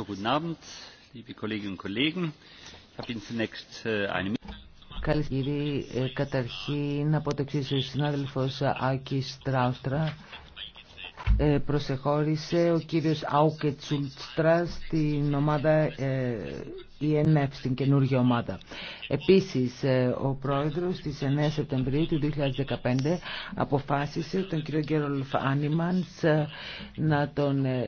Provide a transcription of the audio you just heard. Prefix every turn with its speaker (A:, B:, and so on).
A: Καλησπέρα.
B: Καταρχήν, από το εξή, ο συνάδελφο Άκη Τράουστρα ε, προσεχώρησε ο κύριος Άουκε Τσούλτστρα στην ομάδα ε, ΕΝΕΦ, στην καινούργια ομάδα. Επίσης, ε, ο πρόεδρος στις 9 Σεπτεμβρίου του 2015 αποφάσισε τον κύριο Γκέρολφ Άνιμανς να τον